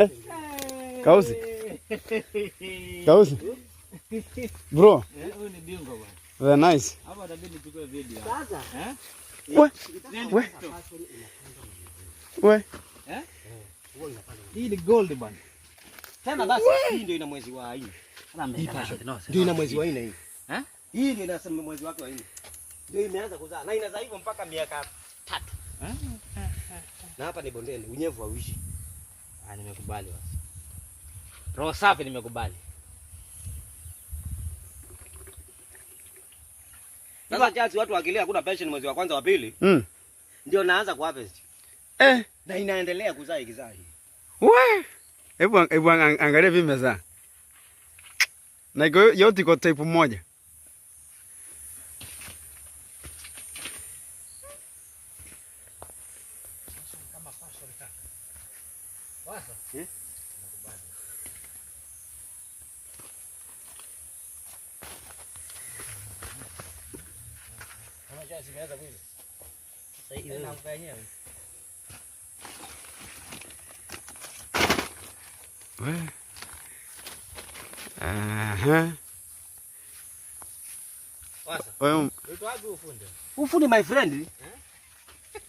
Eh, Kausi. Kausi. Bro. Huyu ni bingo bwana. Very nice. Hapa tabidi nichukue video. Sasa. Eh? We. We. We. Eh? Hii ni gold bwana. Tena basi hii ndio ina mwezi wa hii. Ana Ndio ina mwezi wa nne hii. Eh? Hii ndio ina mwezi wake wa hii. Ndio imeanza kuzaa na inazaa hivyo mpaka miaka tatu. Eh? Na hapa ni bondeni, unyevu hauishi. Ah, nimekubali basi. Roho safi nimekubali. Sasa chasi, watu wakilia hakuna pension mwezi wa kwanza wa pili. Mm. Ndio naanza ku harvest. Eh, na inaendelea kuzaa ikizaa. We! Hebu hebu angalia vimezaa. Na iko yote iko type moja. บ้านทำไมใช่สิแม่ตะพี่ใส่ยืนนำไปเนี่ยอ่าฮะ Nossa, Oi, um... eu tô agulha, fundo. O fundo é mais grande? Hã?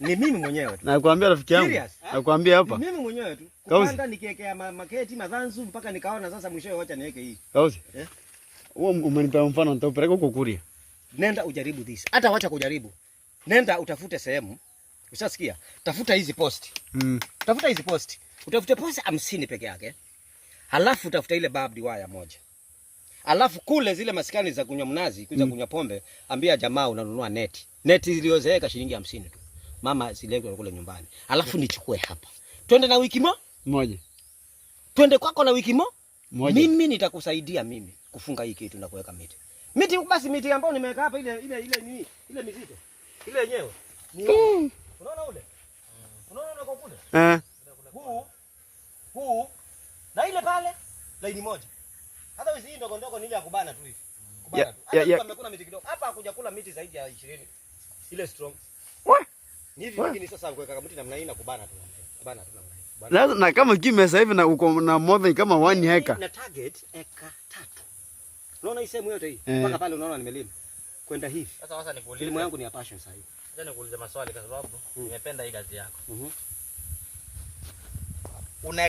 Ni mimi mwenyewe tu. Nakwambia rafiki yangu. Eh? Nakwambia hapa. Mimi mwenyewe tu. Kwanza nikiwekea maketi madhanzu mpaka nikaona sasa mwisho wacha niweke hii. Kausi. Eh? Wewe umenipa mfano nitapeleka huko Kuria. Nenda ujaribu this. Hata wacha kujaribu. Nenda utafute sehemu. Ushasikia? Tafuta hizi posti. Mm. Tafuta hizi posti. Utafute posti hamsini peke yake. Halafu utafuta ile barbed wire moja. Alafu kule zile maskani za kunywa mnazi, kuja mm. kunywa pombe, ambia jamaa unanunua neti. Neti iliyozeeka shilingi hamsini tu mama silege kule nyumbani, alafu nichukue hapa, twende na wiki mo moja, twende kwako na wiki mo moja. Mimi nitakusaidia mimi kufunga hii kitu na kuweka miti miti. Basi miti ambayo nimeweka hapa, ile ile ile nini, ile mizito ile yenyewe, mm. unaona ule, unaona ule kwa kule, eh, huu huu na ile pale laini moja. Hata hizi ndogo ndogo ni ile ya kubana tu hivi, kubana tu. Hata kama kuna miti kidogo hapa, hakuja kula miti zaidi ya 20 ile strong na kama kimya sasa hivi na uko na more than kama 1 heka. Na target eka tatu. Unaona hii sehemu yote hii? Eh. Mpaka pale unaona nimelima. Kwenda hivi. Sasa sasa nikuulize. Elimu yangu ni ya passion sasa hivi. Sasa nikuulize maswali kwa sababu hmm. nimependa hii kazi yako. Mhm. Una